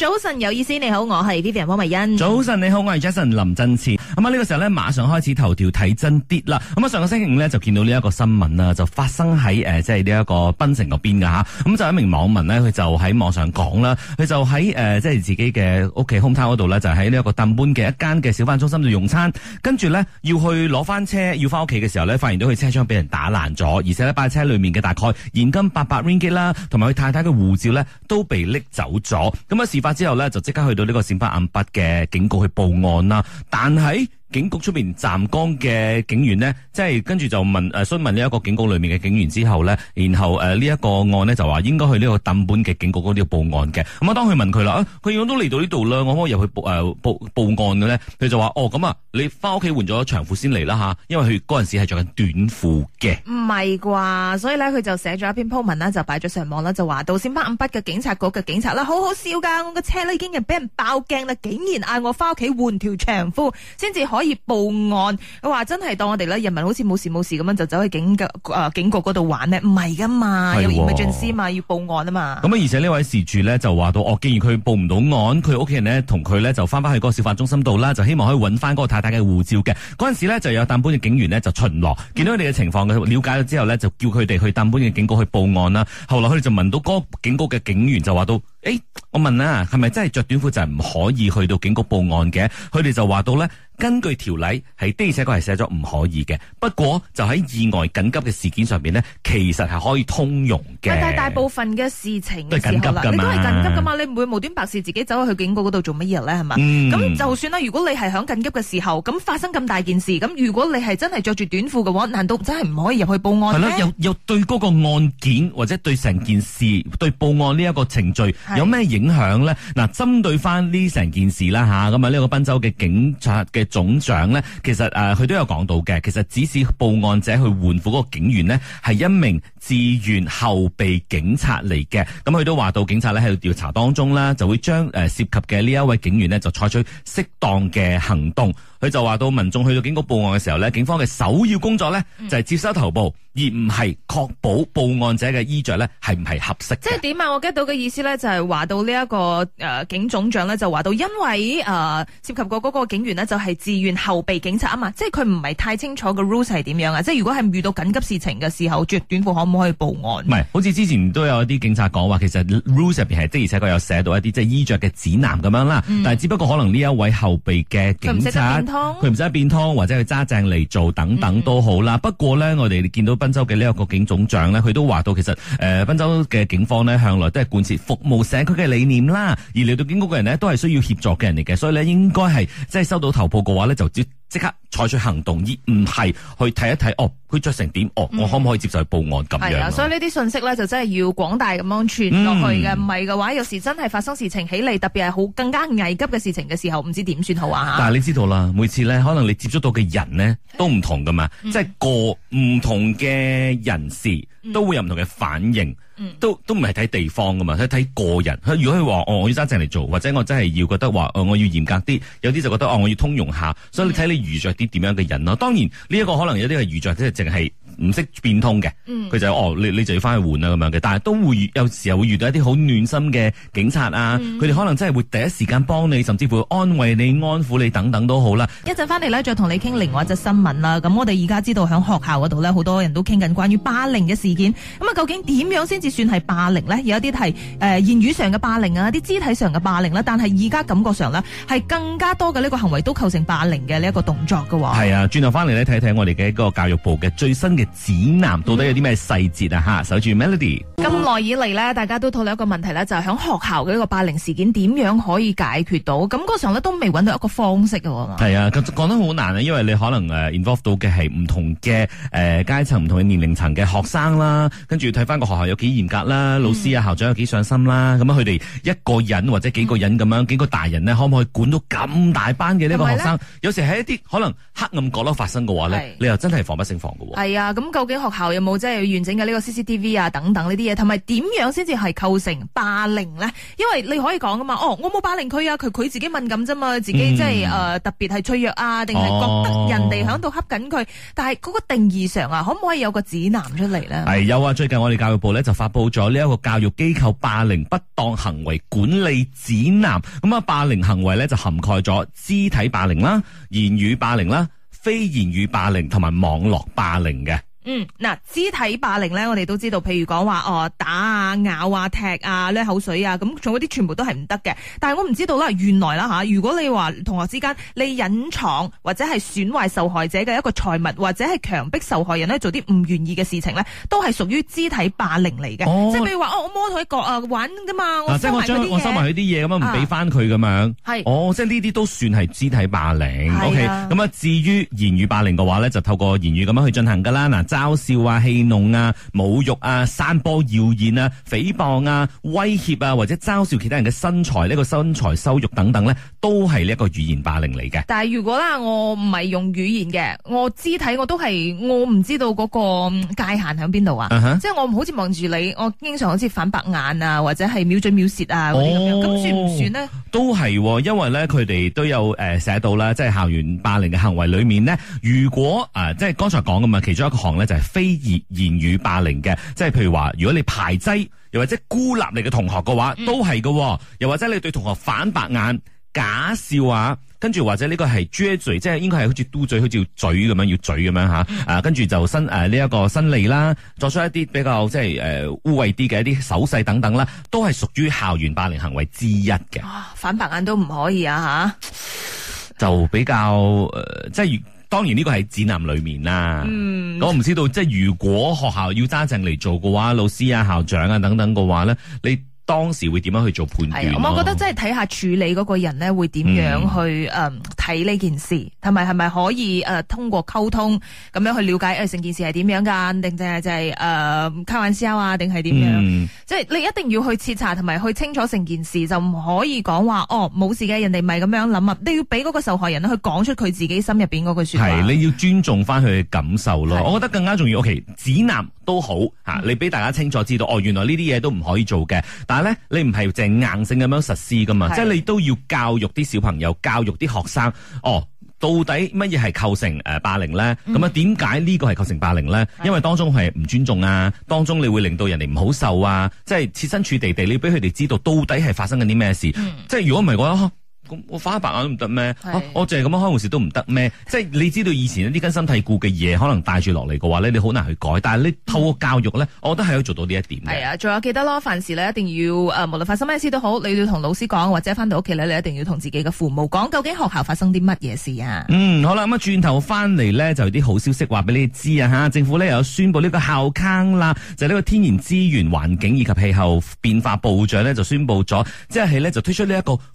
早晨有意思，你好，我係 Vivian 汪慧欣。早晨你好，我係 Jason 林振前。咁啊呢個時候呢，馬上開始頭條睇真啲啦。咁啊上個星期五呢，就見到呢一個新聞啦，就發生喺誒、呃、即係呢一個檳城嗰邊嘅吓。咁、嗯、就一名網民呢，佢就喺網上講啦，佢就喺誒、呃、即係自己嘅屋企空 o 嗰度呢，就喺呢一個登搬嘅一間嘅小飯中心度用餐，跟住呢，要去攞翻車要翻屋企嘅時候呢，發現到佢車窗俾人打爛咗，而且咧擺車裏面嘅大概現金八百 ringgit 啦，同埋佢太太嘅護照呢，都被拎走咗。咁啊之後咧就即刻去到呢個顯白暗筆嘅警局，去報案啦，但係，警局出邊站崗嘅警員呢，即係跟住就問誒，詢、呃、問呢一個警局裏面嘅警員之後呢。然後誒呢一個案呢，就話應該去呢個鄧本嘅警局嗰度報案嘅。咁、嗯、啊，當佢問佢啦，佢如果都嚟到呢度啦，我可以入去報誒、呃、報報，報案嘅咧？佢就話哦，咁啊，你翻屋企換咗長褲先嚟啦吓，因為佢嗰陣時係着緊短褲嘅。唔係啩？所以咧，佢就寫咗一篇 po 文啦，就擺咗上網啦，就話道歉翻暗北嘅警察局嘅警察啦，好好笑噶！我嘅車咧已經係俾人爆鏡啦，竟然嗌我翻屋企換條長褲先至可。報案，佢話真係當我哋咧，人民好似冇事冇事咁樣就走去警局，呃、警局嗰度玩咧，唔係噶嘛，有移民進司嘛，要報案啊嘛。咁而且呢位事主咧就話到，哦，既然佢報唔到案，佢屋企人咧同佢咧就翻翻去嗰個小販中心度啦，就希望可以揾翻嗰個太太嘅護照嘅。嗰陣時咧就有淡濱嘅警員咧就巡邏，見到佢哋嘅情況嘅，了解咗之後咧就叫佢哋去淡濱嘅警局去報案啦。後來佢哋就問到嗰個警局嘅警員就話到。誒、欸，我問啦、啊，係咪真係着短褲就係唔可以去到警局報案嘅？佢哋就話到呢：根據條例係的而且確係寫咗唔可以嘅。不過就喺意外緊急嘅事件上面呢，其實係可以通融嘅。但係大部分嘅事情時候都係緊急噶嘛，你都係緊急噶嘛，你唔會無端白事自己走去去警局嗰度做乜嘢咧？係嘛？咁、嗯、就算啦，如果你係響緊急嘅時候，咁發生咁大件事，咁如果你係真係着住短褲嘅話，難道真係唔可以入去報案咧？係咯，又又對嗰個案件或者對成件事、嗯，對報案呢一個程序。有咩影響咧？嗱，針對翻呢成件事啦吓，咁啊呢個賓州嘅警察嘅總長咧，其實誒佢都有講到嘅。其實指使報案者去援護嗰個警員咧，係一名，自願後備警察嚟嘅，咁佢都話到警察咧喺度調查當中咧，就會將誒涉及嘅呢一位警員咧就採取適當嘅行動。佢就話到民眾去到警局報案嘅時候咧，警方嘅首要工作咧就係接收頭部，嗯、而唔係確保報案者嘅衣着咧係唔係合適。即係點啊？我 get 到嘅意思咧就係、是、話到呢、這、一個誒、呃、警總長咧就話到，因為誒、呃、涉及過嗰個警員咧就係自願後備警察啊嘛，即係佢唔係太清楚嘅 rule 係點樣啊？即係如果係遇到緊急事情嘅時候，着短褲可可以報案，唔係，好似之前都有一啲警察講話，其實 rules 入邊係的而且確有寫到一啲即係衣着嘅指南咁樣啦、嗯。但係只不過可能呢一位後備嘅警察，佢唔使變通，佢唔使變通或者佢揸正嚟做等等都好啦、嗯。不過咧，我哋見到濱州嘅呢一個警總長咧，佢都話到，其實誒，濱州嘅警方咧向來都係貫徹服務社區嘅理念啦。而嚟到警局嘅人咧，都係需要協助嘅人嚟嘅，所以咧應該係即係收到投報嘅話咧就。即刻採取行動，而唔係去睇一睇哦，佢着成點？哦，哦嗯、我可唔可以接受去報案咁樣？係啊，所以呢啲信息咧，就真係要廣大咁樣傳落去嘅。唔係嘅話，有時真係發生事情起嚟，特別係好更加危急嘅事情嘅時候，唔知點算好啊！但係你知道啦， 每次咧，可能你接觸到嘅人咧，都唔同噶嘛，即係個唔同嘅人士。都會有唔同嘅反應，嗯、都都唔係睇地方噶嘛，睇、嗯、睇個人。如果佢話哦，我要揸正嚟做，或者我真係要覺得話，哦、呃，我要嚴格啲，有啲就覺得哦，我要通融下、嗯。所以你睇你遇着啲點樣嘅人咯。當然呢一、呢個可能有啲係遇着，即係淨係。唔識變通嘅，佢、嗯、就哦，你你就要翻去換啦咁樣嘅，但係都會有時候會遇到一啲好暖心嘅警察啊，佢、嗯、哋可能真係會第一時間幫你，甚至乎會安慰你、安撫你等等都好啦。一陣翻嚟咧，再同你傾另外一隻新聞啦。咁我哋而家知道喺學校嗰度咧，好多人都傾緊關於霸凌嘅事件。咁啊，究竟點樣先至算係霸凌呢？有一啲係誒言語上嘅霸凌啊，啲肢體上嘅霸凌啦，但係而家感覺上呢，係更加多嘅呢個行為都構成霸凌嘅呢一個動作㗎。係啊，轉頭翻嚟咧，睇睇我哋嘅一個教育部嘅最新嘅。指南到底有啲咩細節啊？吓、嗯，守住 Melody。咁耐以嚟咧，大家都討論一個問題咧，就係、是、響學校嘅一個霸凌事件，點樣可以解決到？咁、那、嗰、個、時候咧都未揾到一個方式噶嘛。係啊，講得好難啊，因為你可能誒 involve 到嘅係唔同嘅誒階層、唔、呃、同嘅年齡層嘅學生啦，跟住睇翻個學校有幾嚴格啦，老師啊、嗯、校長有幾上心啦，咁啊，佢哋一個人或者幾個人咁樣、嗯，幾個大人咧，可唔可以管到咁大班嘅呢個學生？是是有時喺一啲可能黑暗角落發生嘅話咧，你又真係防不勝防噶。係啊。咁究竟學校有冇即係完整嘅呢個 CCTV 啊？等等呢啲嘢，同埋點樣先至係構成霸凌咧？因為你可以講噶嘛，哦，我冇霸凌佢啊，佢佢自己敏感啫嘛，自己即係誒特別係脆弱啊，定係覺得人哋喺度恰緊佢？但係嗰個定義上啊，可唔可以有個指南出嚟咧？係有啊，最近我哋教育部咧就發布咗呢一個教育機構霸凌不當行為管理指南。咁啊，霸凌行為咧就涵蓋咗肢體霸凌啦、言語霸凌啦。非言語霸凌同埋網絡霸凌嘅。嗯，嗱肢體霸凌咧，我哋都知道，譬如講話哦打啊咬啊踢啊甩口水啊，咁仲有啲全部都係唔得嘅。但係我唔知道啦，原來啦吓、啊，如果你話同學之間你隱藏或者係損壞受害者嘅一個財物，或者係強迫受害人咧做啲唔願意嘅事情咧，都係屬於肢體霸凌嚟嘅。即係譬如話我摸佢個啊玩噶嘛，即係我我收埋佢啲嘢咁樣唔俾翻佢咁樣。係。哦，即係呢啲都算係肢體霸凌。O K，咁啊 okay, 至於言語霸凌嘅話咧，就透過言語咁樣去進行噶啦。嗱。嘲笑啊、戲弄啊、侮辱啊、散播謠言啊、誹謗啊、威脅啊，或者嘲笑其他人嘅身材呢、呢個身材羞辱等等咧，都係呢一個語言霸凌嚟嘅。但係如果啦，我唔係用語言嘅，我肢體我都係我唔知道嗰個界限喺邊度啊。Uh-huh. 即係我唔好似望住你，我經常好似反白眼啊，或者係藐嘴藐舌啊嗰啲咁樣，咁算唔算咧？都係、哦，因為咧佢哋都有誒寫到啦，即係校園霸凌嘅行為裏面咧，如果啊、呃、即係剛才講噶嘛，其中一個行咧。就係、是、非言言語霸凌嘅，即係譬如話，如果你排擠，又或者孤立你嘅同學嘅話，都係嘅，哦，又或者你對同學反白眼、假笑啊，跟住或者呢個係 j a 即係應該係好似嘟嘴、好似嘴咁樣，要嘴咁樣吓，啊，跟住就伸誒呢一個伸脷啦，作出一啲比較即係誒污穢啲嘅一啲手勢等等啦，都係屬於校園霸凌行為之一嘅。反白眼都唔可以啊吓，就比較誒、呃、即係。當然呢個喺指南裏面啦，嗯，我唔知道即係如果學校要揸證嚟做嘅話，老師啊、校長啊等等嘅話咧，你。當時會點樣去做判斷？我覺得即係睇下處理嗰個人咧，會點樣去誒睇呢件事，同埋係咪可以誒、呃、通過溝通咁樣去了解誒成、呃、件事係點樣噶？定定係就係、是、誒、呃、開玩笑啊？定係點樣？即、嗯、係、就是、你一定要去徹查同埋去清楚成件事，就唔可以講話哦冇事嘅，別人哋咪咁樣諗啊！你要俾嗰個受害人去講出佢自己心入邊嗰句說話。係你要尊重翻佢嘅感受咯。我覺得更加重要。O.K. 指南都好吓、嗯，你俾大家清楚知道哦，原來呢啲嘢都唔可以做嘅。啊！咧，你唔係淨硬性咁樣實施噶嘛，即係你都要教育啲小朋友，教育啲學生，哦，到底乜嘢係構成誒霸凌咧？咁啊，點解呢個係構成霸凌咧，嗯嗯？因為當中係唔尊重啊，嗯，當中你會令到人哋唔好受啊，即係設身處地地，你要俾佢哋知道到底係發生緊啲咩事。嗯，即係如果唔係我。咁我翻白眼都唔得咩？我我淨係咁樣開護士都唔得咩？ 即係你知道以前一啲根深蒂固嘅嘢，可能帶住落嚟嘅話咧，你好難去改。但係你透過教育咧，我覺得係可以做到呢一點。係，係啊，仲有記得咯，凡事咧一定要誒，無論發生咩事都好，你要同老師講，或者翻到屋企咧，你一定要同自己嘅父母講，究竟學校發生啲乜嘢事啊？嗯，好啦，咁啊轉頭翻嚟咧就有啲好消息，啊，話俾你知啊吓，政府咧有宣布呢個校坑啦，就呢，是，個天然資源環境以及氣候變化部長咧就宣布咗，即係咧就推出呢一，這個。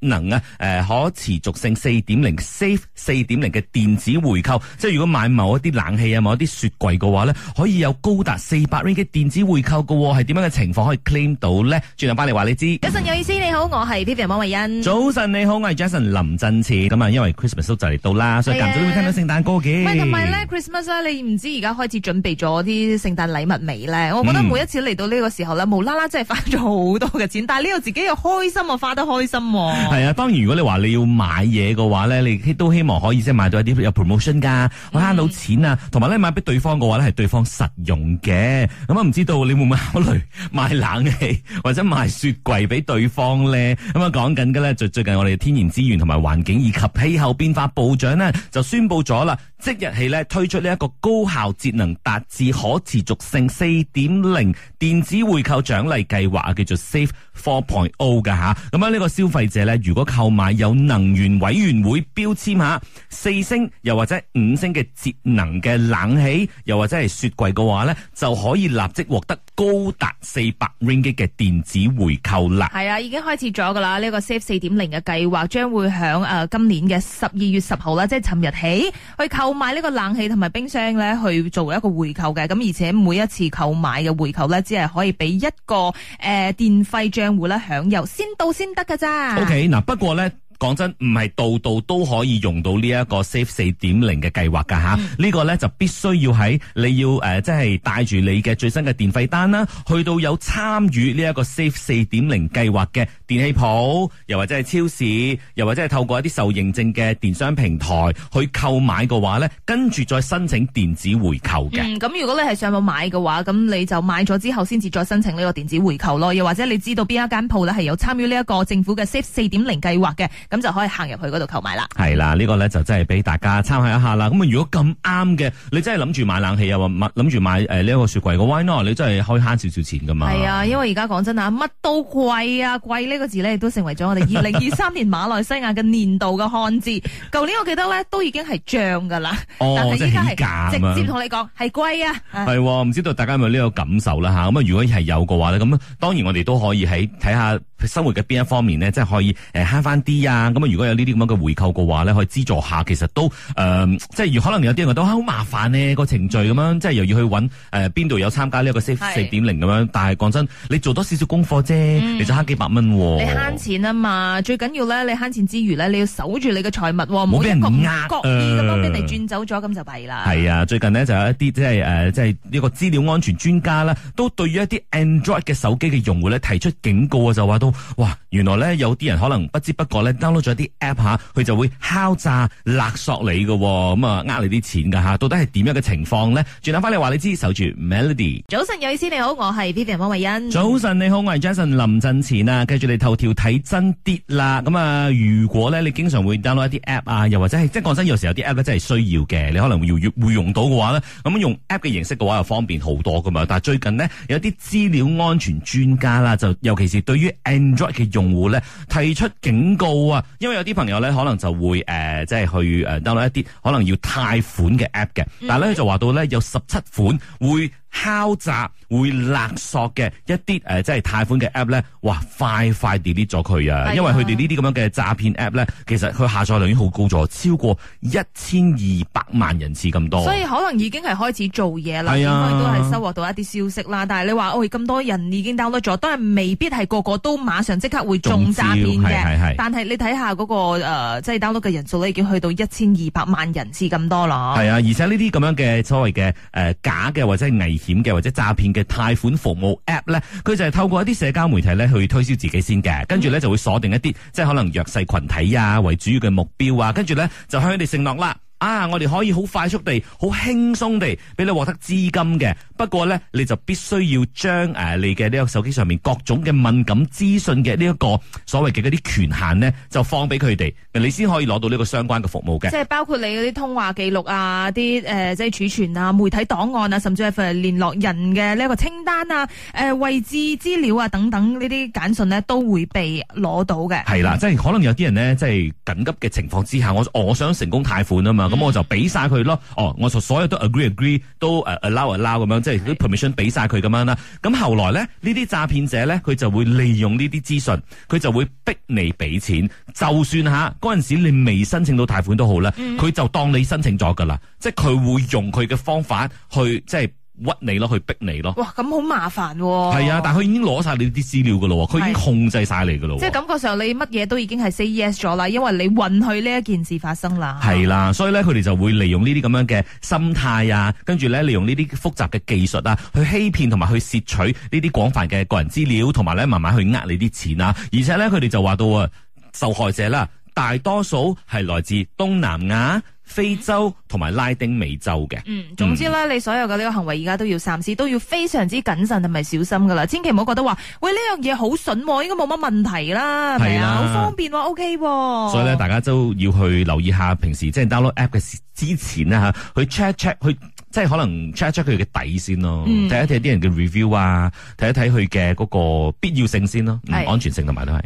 能啊，誒、呃，可持續性四點零，safe 四點零嘅電子回扣，即係如果買某一啲冷氣啊，某一啲雪櫃嘅話咧，可以有高達四百 ring 嘅電子回扣嘅，係點樣嘅情況可以 claim 到咧？轉頭翻嚟話你知。早晨有意思，你好，我係 Pepa 馬慧欣。早晨你好，我係 Jason 林振賜。咁、嗯、啊，因為 Christmas 就嚟到啦，所以今早都會聽到聖誕歌嘅。喂、哎，同埋咧，Christmas 啊，你唔知而家開始準備咗啲聖誕禮物未咧？我覺得每一次嚟到呢個時候咧、嗯，無啦啦真係花咗好多嘅錢，但係呢個自己又開,開心啊，花得開心。係、哦、啊，當然如果你話你要買嘢嘅話咧，你都希望可以即係買到一啲有 promotion 噶，慳到錢啊，同埋咧買俾對方嘅話咧係對方實用嘅。咁、嗯、啊，唔知道你會唔會考慮買冷氣或者買雪櫃俾對方咧？咁、嗯、啊，講緊嘅咧，就最近我哋天然資源同埋環境以及氣候變化部長咧就宣布咗啦，即日起咧推出呢一個高效節能達至可持續性四點零電子回扣獎勵計劃啊，叫做 Save Four Point O 吓。咁、嗯、呢、嗯、個消費者咧。如果購買有能源委員會標籤吓四星又或者五星嘅節能嘅冷氣，又或者係雪櫃嘅話咧，就可以立即獲得高達四百 ringgit 嘅電子回扣啦。係啊，已經開始咗噶啦，呢、這個 Save 四點零嘅計劃將會響誒、呃、今年嘅十二月十號啦，即係尋日起去購買呢個冷氣同埋冰箱咧去做一個回扣嘅。咁而且每一次購買嘅回扣咧，只係可以俾一個誒、呃、電費賬戶咧享有，先到先得噶咋。Okay. 那不過呢。講真，唔係度度都可以用到呢一個 Save 四點零嘅計劃噶吓，呢、嗯這個呢，就必須要喺你要誒，即係帶住你嘅最新嘅電費單啦，去到有參與呢一個 Save 四點零計劃嘅電器鋪，又或者係超市，又或者係透過一啲受認證嘅電商平台去購買嘅話呢，跟住再申請電子回購嘅。咁、嗯、如果你係上網買嘅話，咁你就買咗之後先至再申請呢個電子回購咯，又或者你知道邊一間鋪呢係有參與呢一個政府嘅 Save 四點零計劃嘅。咁就可以行入去嗰度購買啦。係啦、啊，這個、呢個咧就真係俾大家參考一下啦。咁、嗯、啊，如果咁啱嘅，你真係諗住買冷氣啊，或諗住買誒呢一個雪櫃、啊，個 why not？你真係可以慳少少錢噶嘛。係啊，因為而家講真啊，乜都貴啊，貴呢個字咧亦都成為咗我哋二零二三年馬來西亞嘅年度嘅漢字。舊 年我記得咧都已經係漲噶啦，但係依家係直接同你講係貴啊。係、哦，唔、啊啊啊、知道大家有冇呢個感受啦吓？咁啊，如果係有嘅話咧，咁當然我哋都可以喺睇下。生活嘅邊一方面呢？即係可以誒慳翻啲啊！咁啊，如果有呢啲咁樣嘅回扣嘅話呢，可以資助下，其實都誒、呃，即係可能有啲人覺得好、啊、麻煩呢個程序咁樣，即係又要去揾誒邊度有參加呢一個四四點零咁樣。但係講真，你做多少少功課啫、嗯，你就慳幾百蚊、啊。你慳錢啊嘛，最緊要咧，你慳錢之餘呢，你要守住你嘅財物，唔好俾人咁壓啊！咁樣俾人轉走咗，咁就弊啦。係啊，最近呢，就有一啲即係誒，即係呢、呃、個資料安全專家咧，都對於一啲 Android 嘅手機嘅用戶咧提出警告啊，就話哦、哇，原來咧有啲人可能不知不覺咧 download 咗啲 app 吓、啊，佢就會敲詐勒索你噶、哦，咁、嗯、啊呃你啲錢噶吓，到底係點樣嘅情況呢？轉頭翻嚟話你知，守住 Melody。早晨，有意思你好，我係 Vivian 方慧欣。早晨你好，我係 Jason 林振前啊，跟住你頭條睇真啲啦。咁啊，如果咧你經常會 download 一啲 app 啊，又或者係即係講真，有時候有啲 app 真係需要嘅，你可能會會用到嘅話咧，咁、啊、用 app 嘅形式嘅話又方便好多噶嘛、啊。但係最近呢，有啲資料安全專家啦，就尤其是對於 Enjoy 嘅用戶咧提出警告啊，因為有啲朋友咧可能就會誒、呃，即係去誒登錄一啲可能要貸款嘅 app 嘅，但係咧就話到咧有十七款會。敲詐會勒索嘅一啲誒、呃，即係貸款嘅 app 咧，哇，快快 delete 咗佢啊！因為佢哋呢啲咁樣嘅詐騙 app 咧，其實佢下載量已經好高咗，超過一千二百萬人次咁多。所以可能已經係開始做嘢啦，應該都係收穫到一啲消息啦。但係你話，喂、哎，咁多人已經 download 咗，當然未必係個個都馬上即刻會中詐騙嘅。但係你睇下嗰、那個誒、即、呃、係、就是、download 嘅人數都已經去到一千二百萬人次咁多咯。係啊，而且呢啲咁樣嘅所謂嘅誒假嘅或者係偽。險嘅或者詐騙嘅貸款服務 App 咧，佢就係透過一啲社交媒體咧去推銷自己先嘅，跟住咧就會鎖定一啲即係可能弱勢群體啊為主要嘅目標啊，跟住咧就向佢哋承諾啦，啊我哋可以好快速地、好輕鬆地俾你獲得資金嘅。不過咧，你就必須要將誒你嘅呢個手機上面各種嘅敏感資訊嘅呢一個所謂嘅啲權限咧，就放俾佢哋，你先可以攞到呢個相關嘅服務嘅。即係包括你嗰啲通話記錄啊，啲誒即係儲存啊、媒體檔案啊，甚至係連聯絡人嘅呢個清單啊、誒位置資料啊等等呢啲簡訊咧，都會被攞到嘅。係啦，即係可能有啲人咧，即係緊急嘅情況之下，我我想成功貸款啊嘛，咁我就俾晒佢咯。哦，我所所有都 agree agree，都誒 allow allow 咁樣。是即係啲 permission 俾晒佢咁樣啦，咁後來咧，呢啲詐騙者咧，佢就會利用呢啲資訊，佢就會逼你俾錢，就算吓嗰陣時你未申請到貸款都好啦，佢就當你申請咗噶啦，即係佢會用佢嘅方法去即係。屈你咯，去逼你咯。哇，咁好麻煩喎、啊！係啊，但係佢已經攞晒你啲資料噶喎，佢已經控制晒你噶喇、啊、即係感覺上你乜嘢都已經係 say yes 咗啦，因為你允許呢一件事發生啦。係啦、啊，所以咧，佢哋就會利用呢啲咁樣嘅心態啊，跟住咧利用呢啲複雜嘅技術啊，去欺騙同埋去竊取呢啲廣泛嘅個人資料，同埋咧慢慢去呃你啲錢啊。而且咧，佢哋就話到啊，受害者啦。大多數係來自東南亞、非洲同埋拉丁美洲嘅。嗯，總之咧、嗯，你所有嘅呢個行為，而家都要三思，都要非常之謹慎同埋小心噶啦。千祈唔好覺得話，喂呢樣嘢好筍，應該冇乜問題啦，係啊，好方便、啊，OK、啊。所以咧，大家都要去留意一下平時即係、就是、download app 嘅之前啦，吓、啊、去 check check，去即係可能 check check 佢嘅底先咯，睇、嗯、一睇啲人嘅 review 啊，睇一睇佢嘅嗰個必要性先咯，嗯、安全性同埋都係。